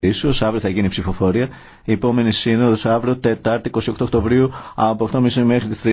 Ίσως αύριο θα γίνει ψηφοφορία. Η επόμενη σύνοδος αύριο Τετάρτη 28 Οκτωβρίου από 8.30 μέχρι τις 3.